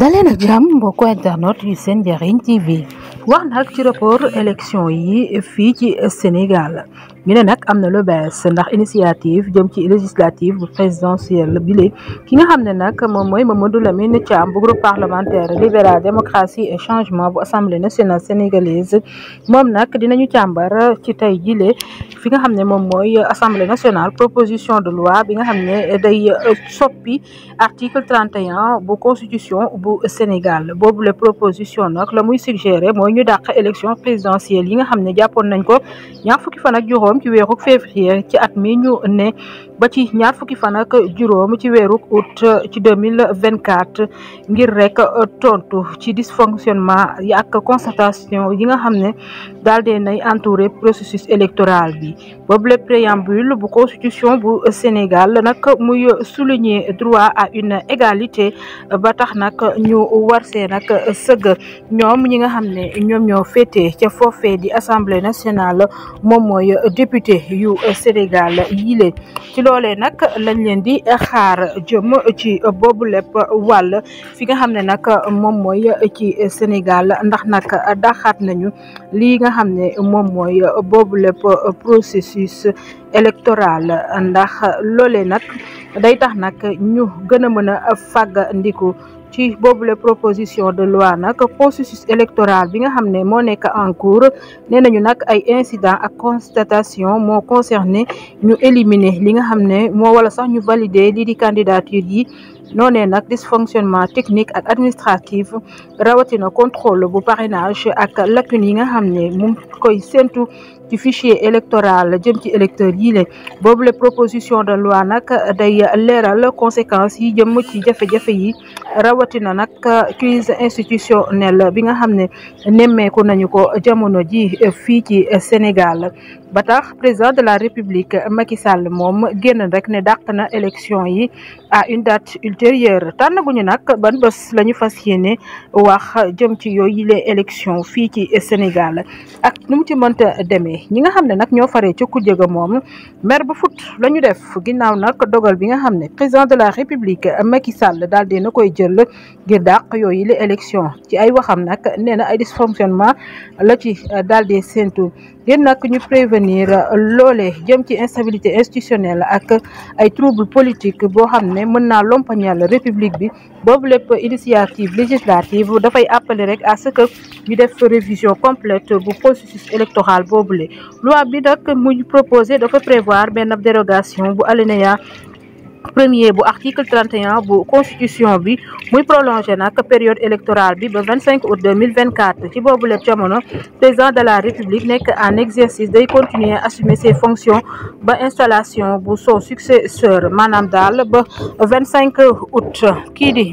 dalee nag jàmm mbokk internet yu seen TV wax nag ci rapport élection yi fi ci Sénégal ñu ne nag am na ndax initiative jëm ci législative présidentielle bi léegi ki nga xam nak mom moy Mamadou Lamine Thiam bu groupe parlementaire libéral démocratie et changement bu assemblée nationale sénégalaise mom nak dinañu càmbar ci tey jile fi nga xam mom moy assemblée nationale proposition de loi bi nga xam day soppi article 31 bu constitution bu Sénégal bobu la proposition nak la muy suggéré ñu dakk élection présidentielle yi nga xamné japon nañ ko ñaar fukki fan ak juroom ci weeruk février ci at mi ñu ne ba ci ñaar fukki fan ak juroom ci weeruk août ci 2024 ngir rek tontu ci dysfonctionnement ya ak constatation yi nga xamné ne daal nay entouré processus électoral bi boobu le préambule bu constitution bu Sénégal nak muy souligner droit à une égalité ba tax nak ñu war sé nak sëgg ñom ñi nga xamné ñoom ñoo féetee ca foofee di assemblée nationale moom mooy député yu Sénégal yi ci loolee nag lañ leen di xaar jëm ci boobu lépp wàll fi nga xam ne nag moom mooy ci Sénégal ndax nag daxaat nañu lii nga xam ne moom mooy boobu lépp processus électoral ndax loolee nag day tax nag ñu gën a mën a fàggandiku ci les proposition de loi nak processus électoral bi nga xamné en cours nee nañu nag ay incident ak constatation mo concerné ñu éliminer li nga xamné mo wala sax ñu valider di candidature yi noonee nak dysfonctionnement technique ak administratif na contrôle bu parrainage ak lacune yi nga xamné ne mu koy sentu ci fichier électoral jëm ci électeur yi la bobu proposition de loi nak day leeral conséquences yi jëm ci jafé jafé yi rawatina nak crise institutionnelle bi nga xamné ne ko nañu ko jamono ji fi ci Sénégal ba tax président de la république Macky Sall moom génn rek né dàq na élection yi à une date ultérieure Tan guñu nak ban bés lañu ñu wax jëm ci yooyu les élections fii ci Sénégal ak numu ci mënta démé. ñi nga xam ne nag ñoo ci kujje ga mom, maire bu foot lañu def ginnaw nak dogal bi nga xamné président de la république Macky Sall daal dina koy jël ngir dàq yooyu les élections ci ay waxam nak nee na ay dysfonctionnement la ci dal dé sentu nous nag ñu prévenir euh, l'olé jëm ci instabilité institutionnelle ak ay troubles politiques Nous xamné ne mën république bi une initiative législative qui appeler à ce que ñu def révision complète du processus électoral Nous loi bi nak mu proposé dafa prévoir une dérogation bu alinéa premier article 31 bu constitution bi muy prolonger période électorale bi 25 août 2024 ci jamono président de la république nek en exercice de continuer à assumer ses fonctions ba installation bu son successeur Mme dal ba 25 août qui di